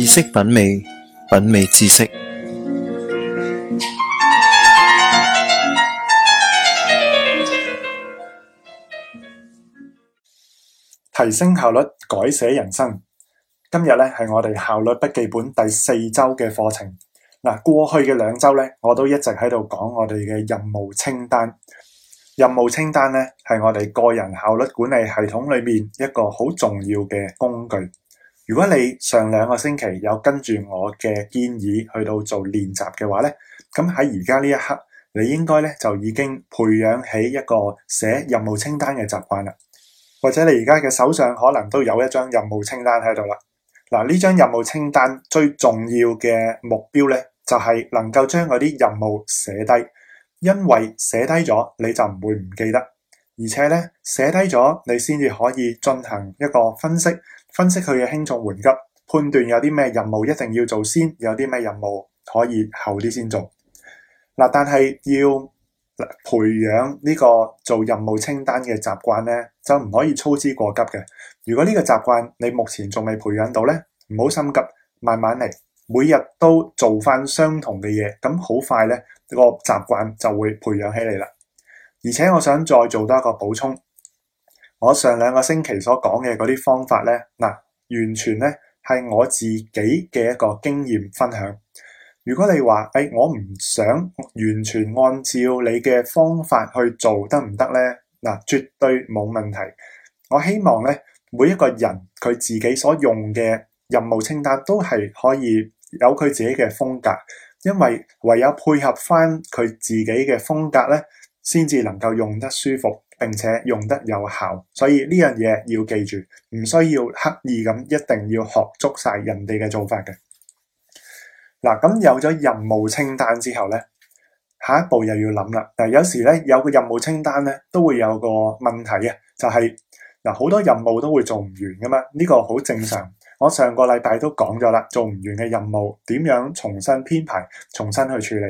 知識品味，品味知識，提升效率，改寫人生。今日咧係我哋效率筆記本第四周嘅課程。嗱，過去嘅兩周咧，我都一直喺度講我哋嘅任務清單。任務清單咧係我哋個人效率管理系統裏面一個好重要嘅工具。如果你上兩個星期有跟住我嘅建議去到做練習嘅話咧，咁喺而家呢一刻，你應該咧就已經培養起一個寫任務清單嘅習慣啦。或者你而家嘅手上可能都有一張任務清單喺度啦。嗱，呢張任務清單最重要嘅目標咧，就係能夠將嗰啲任務寫低，因為寫低咗你就唔會唔記得。而且咧寫低咗，你先至可以進行一個分析，分析佢嘅輕重緩急，判斷有啲咩任務一定要做先，有啲咩任務可以後啲先做。嗱，但係要培養呢個做任務清單嘅習慣咧，就唔可以操之過急嘅。如果呢個習慣你目前仲未培養到咧，唔好心急，慢慢嚟，每日都做翻相同嘅嘢，咁好快咧，這個習慣就會培養起嚟啦。而且我想再做多一個補充，我上兩個星期所講嘅嗰啲方法呢，嗱，完全呢係我自己嘅一個經驗分享。如果你話誒、哎，我唔想完全按照你嘅方法去做，得唔得呢？嗱，絕對冇問題。我希望呢，每一個人佢自己所用嘅任務清單都係可以有佢自己嘅風格，因為唯有配合返佢自己嘅風格呢。先至能夠用得舒服，並且用得有效，所以呢樣嘢要記住，唔需要刻意咁一定要學足晒人哋嘅做法嘅。嗱，咁有咗任務清單之後咧，下一步又要諗啦。但有時咧有個任務清單咧都會有個問題呀，就係嗱好多任務都會做唔完噶嘛，呢、呢個好正常。我上個禮拜都講咗啦，做唔完嘅任務點樣重新編排、重新去處理。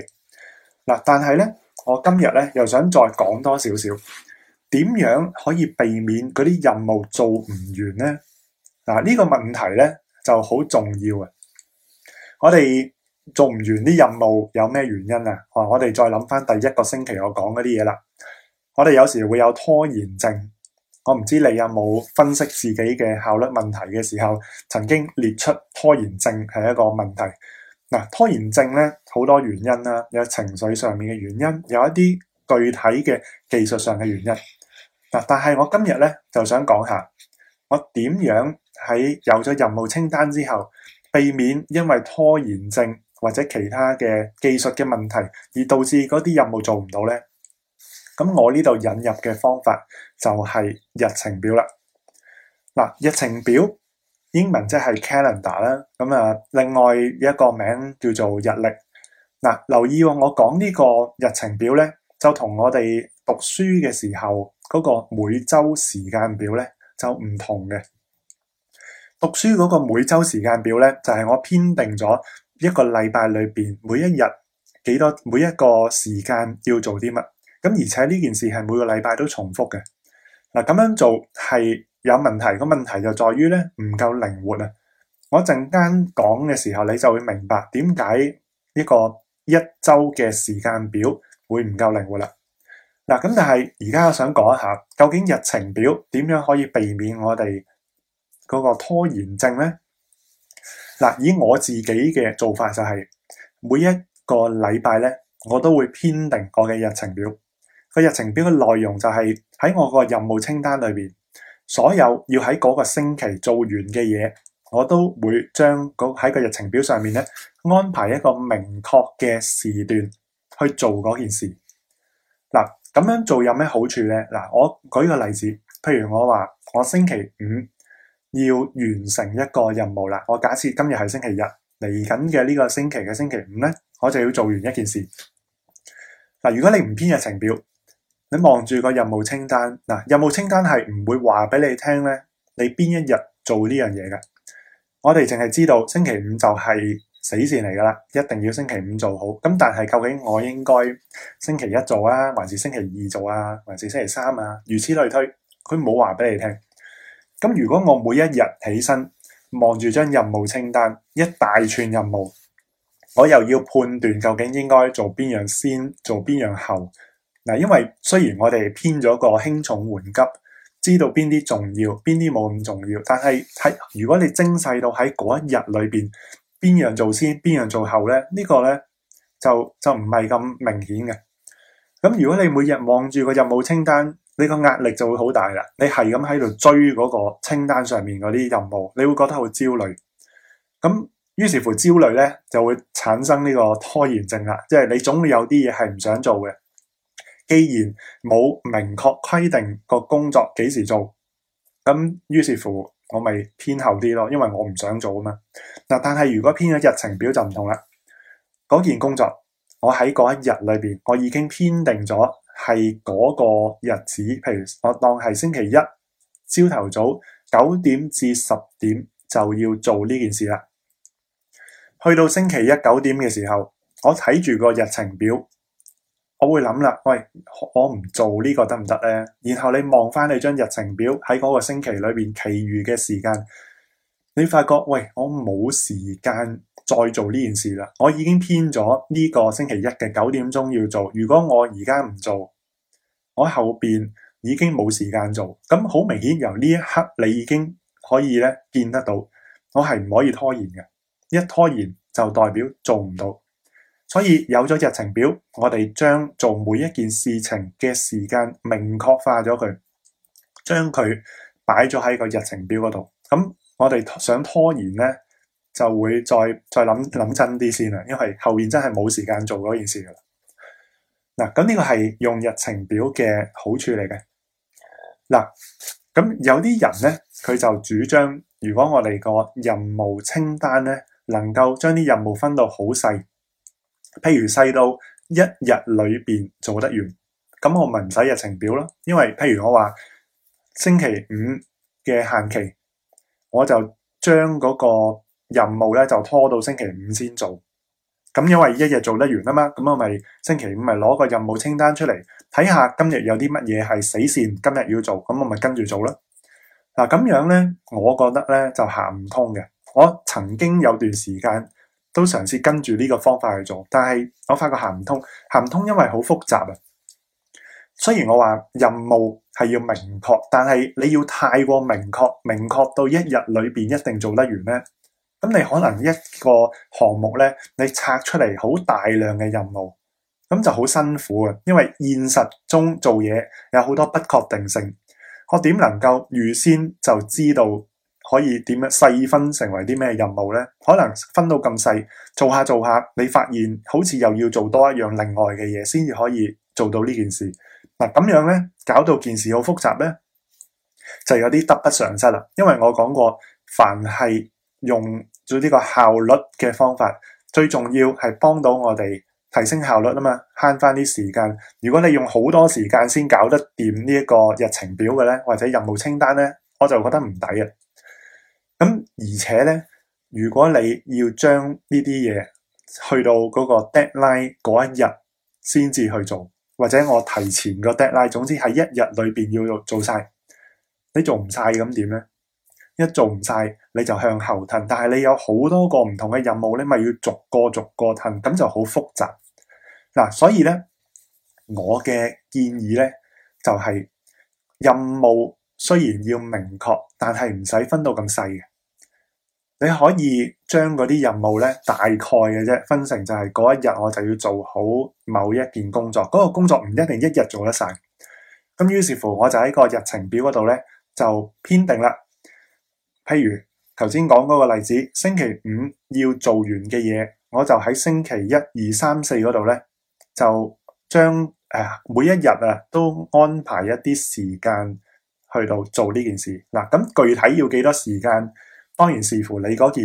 嗱，但係咧。我今日咧又想再講多少少，點樣可以避免嗰啲任務做唔完呢？嗱，呢個問題咧就好重要啊！我哋做唔完啲任務有咩原因啊？我哋再諗翻，第一個星期我講嗰啲嘢啦。我哋有時會有拖延症，我唔知你有冇分析自己嘅效率問題嘅時候，曾經列出拖延症係一個問題。嗱，拖延症咧好多原因啦，有情緒上面嘅原因，有一啲具體嘅技術上嘅原因。嗱，但係我今日咧就想講下，我點樣喺有咗任務清單之後，避免因為拖延症或者其他嘅技術嘅問題，而導致嗰啲任務做唔到咧。咁我呢度引入嘅方法就係日程表啦。嗱，日程表。英文即係 calendar 啦，咁啊，另外一個名叫做日曆。嗱，留意我講呢個日程表咧，就同我哋讀書嘅時候嗰個每周時間表咧就唔同嘅。讀書嗰個每周時間表咧，就係我編定咗一個禮拜裏邊每一日幾多每一個時間要做啲乜，咁而且呢件事係每個禮拜都重複嘅。嗱，咁樣做係。有問題個問題就在於咧，唔夠靈活啊！我陣間講嘅時候，你就會明白點解呢個一周嘅時間表會唔夠靈活啦。嗱，咁但係而家我想講一下，究竟日程表點樣可以避免我哋嗰個拖延症呢？嗱，以我自己嘅做法就係，每一個禮拜咧，我都會編定我嘅日程表。個日程表嘅內容就係喺我個任務清單裏面。所有要喺嗰個星期做完嘅嘢，我都會將喺個日程表上面咧安排一個明確嘅時段去做嗰件事。嗱，咁樣做有咩好處咧？嗱，我舉個例子，譬如我話我星期五要完成一個任務啦。我假設今日係星期日，嚟緊嘅呢個星期嘅星期五咧，我就要做完一件事。嗱，如果你唔編日程表。你望住個任務清單，嗱、啊，任務清單係唔會話俾你聽咧，你邊一日做呢樣嘢㗎？我哋淨係知道星期五就係死線嚟噶啦，一定要星期五做好。咁但係究竟我應該星期一做啊，還是星期二做啊，還是星期三啊？如此類推，佢冇話俾你聽。咁如果我每一日起身望住張任務清單，一大串任務，我又要判斷究竟應該做邊樣先，做邊樣後？嗱，因為雖然我哋編咗個輕重緩急，知道邊啲重要，邊啲冇咁重要，但係喺如果你精細到喺嗰一日裏邊，邊樣做先，邊樣做後咧，這個、呢個咧就就唔係咁明顯嘅。咁如果你每日望住個任務清單，你個壓力就會好大啦。你係咁喺度追嗰個清單上面嗰啲任務，你會覺得好焦慮。咁於是乎焦慮咧就會產生呢個拖延症啦，即係你總會有啲嘢係唔想做嘅。既然冇明確規定個工作幾時做，咁於是乎我咪偏後啲咯，因為我唔想做啊嘛。嗱，但係如果編咗日程表就唔同啦。嗰件工作我喺嗰一日裏邊，我已經編定咗係嗰個日子。譬如我當係星期一朝頭早九點至十點就要做呢件事啦。去到星期一九點嘅時候，我睇住個日程表。我會諗啦，喂，我唔做呢個得唔得咧？然後你望翻你張日程表，喺嗰個星期裏邊，其餘嘅時間，你發覺喂，我冇時間再做呢件事啦。我已經編咗呢個星期一嘅九點鐘要做，如果我而家唔做，我後邊已經冇時間做。咁好明顯，由呢一刻你已經可以咧見得到，我係唔可以拖延嘅，一拖延就代表做唔到。所以有咗日程表，我哋將做每一件事情嘅時間明確化咗佢，將佢擺咗喺個日程表嗰度。咁我哋想拖延呢，就會再再諗諗真啲先啦，因為後面真係冇時間做嗰件事噶啦。嗱，咁呢個係用日程表嘅好處嚟嘅。嗱，咁有啲人呢，佢就主張，如果我哋個任務清單呢，能夠將啲任務分到好細。譬如細到一日裏邊做得完，咁我咪唔使日程表囉。因為譬如我話星期五嘅限期，我就將嗰個任務咧就拖到星期五先做。咁因為一日做得完啊嘛，咁我咪星期五咪攞個任務清單出嚟睇下今日有啲乜嘢係死線今日要做，咁我咪跟住做囉。嗱，咁樣咧，我覺得咧就行唔通嘅。我曾經有段時間。都嘗試跟住呢個方法去做，但係我發覺行唔通，行唔通，因為好複雜啊。雖然我話任務係要明確，但係你要太過明確，明確到一日裏面一定做得完咩？咁你可能一個項目咧，你拆出嚟好大量嘅任務，咁就好辛苦啊。因為現實中做嘢有好多不確定性，我點能夠預先就知道？可以點樣細分成為啲咩任務咧？可能分到咁細，做下做下，你發現好似又要做多一樣另外嘅嘢，先至可以做到呢件事。嗱，咁樣咧，搞到件事好複雜咧，就有啲得不償失啦。因為我講過，凡係用做呢個效率嘅方法，最重要係幫到我哋提升效率啊嘛，慳翻啲時間。如果你用好多時間先搞得掂呢一個日程表嘅咧，或者任務清單咧，我就覺得唔抵啊！咁而且咧，如果你要將呢啲嘢，去到嗰個 deadline 嗰一日先至去做，或者我提前個 deadline，總之係一日裏邊要做晒，你做唔晒咁點咧？一做唔晒你就向後褪，但係你有好多個唔同嘅任務咧，咪要逐個逐個褪，咁就好複雜。嗱、啊，所以咧，我嘅建議咧就係、是、任務雖然要明確，但係唔使分到咁細嘅。你可以將嗰啲任務咧，大概嘅啫，分成就係嗰一日我就要做好某一件工作，嗰、嗰個工作唔一定一日做得晒。咁於是乎，我就喺個日程表嗰度咧，就編定啦。譬如頭先講嗰個例子，星期五要做完嘅嘢，我就喺星期一二三四嗰度咧，就將誒、呃、每一日啊都安排一啲時間去到做呢件事。嗱，咁具體要幾多時間？當然視乎你嗰件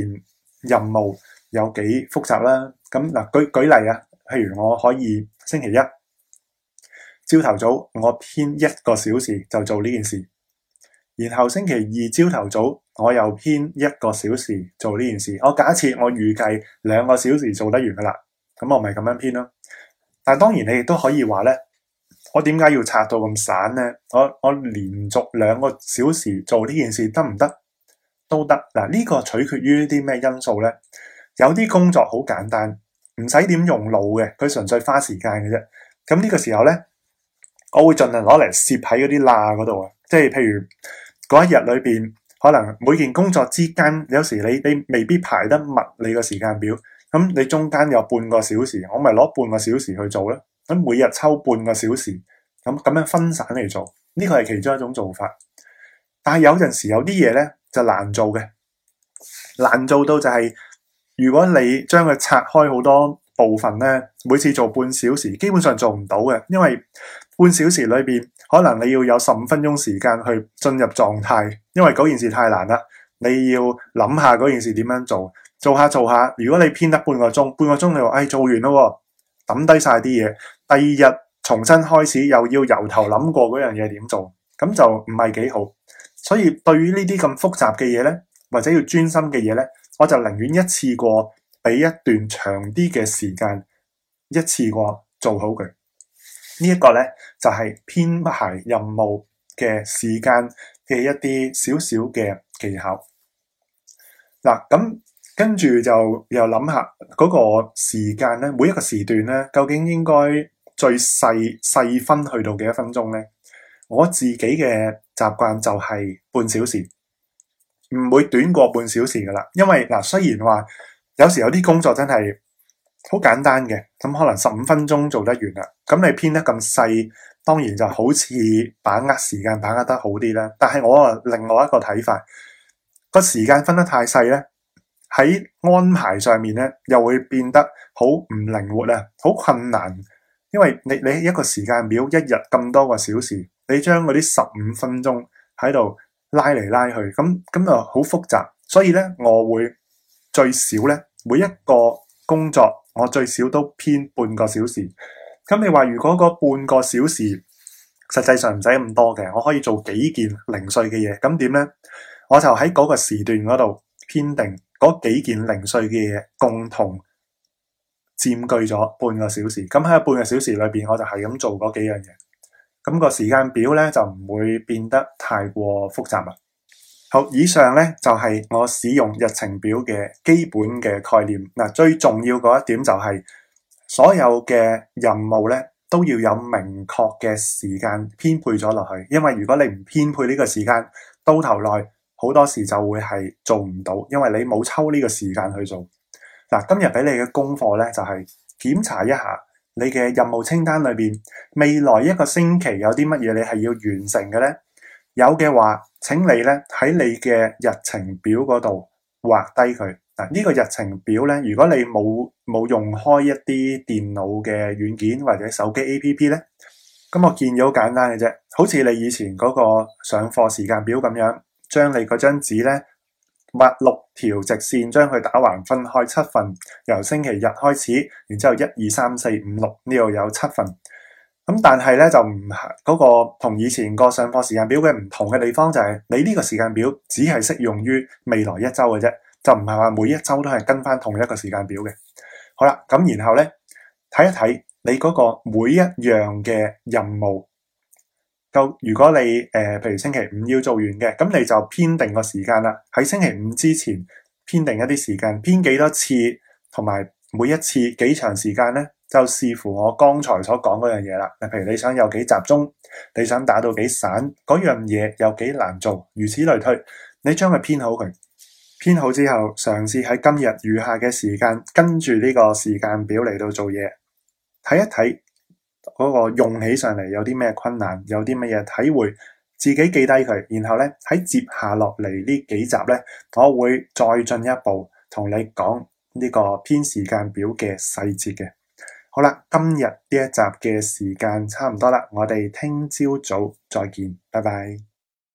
任務有幾複雜啦，啊。咁嗱，舉舉例啊，譬如我可以星期一朝頭早我編一個小時就做呢件事，然後星期二朝頭早我又編一個小時做呢件事。我假設我預計兩個小時做得完噶啦，咁我咪咁樣編咯。但當然你亦都可以話咧，我點解要拆到咁散咧？我我連續兩個小時做呢件事得唔得？都得嗱，呢個取決於啲咩因素咧？有啲工作好簡單，唔使點用腦嘅，佢純粹花時間嘅啫。咁呢個時候咧，我會盡量攞嚟，攝喺嗰啲罅嗰度啊。即係譬如嗰一日裏邊，可能每件工作之間有時你你未必排得密你個時間表，咁你中間有半個小時，我咪攞半個小時去做囉。咁每日抽半個小時，咁咁樣分散嚟做，呢個係其中一種做法。但係有陣時有啲嘢咧就難做嘅，難做到就係、是、如果你將佢拆開好多部分咧，每次做半小時，基本上做唔到嘅，因為半小時裏邊可能你要有十五分鐘時間去進入狀態，因為嗰件事太難啦，你要諗下嗰件事點樣做，做下做下，如果你編得半個鐘，半個鐘你話哎做完咯，抌低晒啲嘢，第二日重新開始又要由頭諗過嗰樣嘢點做，咁就唔係幾好。所以對於呢啲咁複雜嘅嘢咧，或者要專心嘅嘢咧，我就寧願一次過俾一段長啲嘅時間，一次過做好佢。這個、呢一個咧就係編排任務嘅時間嘅一啲小小嘅技巧。嗱，咁跟住就又諗下嗰、那個時間咧，每一個時段咧，究竟應該最細細分去到幾多分鐘咧？我自己嘅。習慣就係半小時，唔會短過半小時噶啦。因為嗱，雖然話有時有啲工作真係好簡單嘅，咁可能十五分鐘做得完啦。咁你編得咁細，當然就好似把握時間把握得好啲啦。但係我啊，另外一個睇法，個時間分得太細咧，喺安排上面咧又會變得好唔靈活啊，好困難。因為你你一個時間表一日咁多個小時，你將嗰啲15分鐘，喺度拉嚟拉去，咁咁又好複雜，所以呢，我會最少呢，每一個工作，我最少都編半個小時，咁你話如果嗰半個小時實際上唔使咁多嘅，我可以做幾件零碎嘅嘢，咁點呢？我就喺嗰個時段嗰度，編定幾件零碎嘅嘢，共同分鐘喺度拉嚟拉去好複雜所以呢我會最少呢每一個工作我最少都編半個小時咁你話如果嗰半個小時實際上唔使咁多嘅我可以做幾件零碎嘅嘢咁點呢我就喺嗰個時段編定幾件零碎嘅嘢共同咁、那個時間表咧就唔會變得太過複雜啦。好，以上咧就係、是、我使用日程表嘅基本嘅概念。嗱，最重要嗰一點就係、是、所有嘅任務咧都要有明確嘅時間編配咗落去。因為如果你唔編配呢個時間，到頭來好多時就會係做唔到，因為你冇抽呢個時間去做。嗱，今日俾你嘅功課咧就係、是、檢查一下。你嘅任務清單裏邊，未來一個星期有啲乜嘢你係要完成嘅咧？有嘅話，請你咧喺你嘅日程表嗰度畫低佢。嗱，呢個日程表咧，如果你冇冇用開一啲電腦嘅軟件或者手機 APP 咧，咁我建議好簡單嘅啫，好似你以前嗰個上課時間表咁樣，將你嗰張紙咧。畫六條直線，將佢打橫分開七份。由星期日開始，然之後一二三四五六，呢度有七份。噉但係呢，就唔係嗰個同以前個上課時間表嘅唔同嘅地方，就係你呢個時間表只係適用於未來一周嘅啫，就唔係話每一週都係跟返同一個時間表嘅。好啦，噉然後呢，睇一睇你嗰個每一樣嘅任務。就如果你誒、呃，譬如星期五要做完嘅，咁你就編定個時間啦。喺星期五之前編定一啲時間，編幾多次，同埋每一次幾長時間咧，就視乎我剛才所講嗰樣嘢啦。譬如你想有幾集中，你想打到幾散，嗰樣嘢有幾難做，如此類推。你將佢編好佢，編好之後，嘗試喺今日餘下嘅時間跟住呢個時間表嚟到做嘢，睇一睇。嗰個用起上嚟有啲咩困難，有啲乜嘢體會，自己記低佢，然後咧喺接下落嚟呢幾集咧，我會再進一步同你講呢個編時間表嘅細節嘅。好啦，今日呢一集嘅時間差唔多啦，我哋聽朝早再見，拜拜。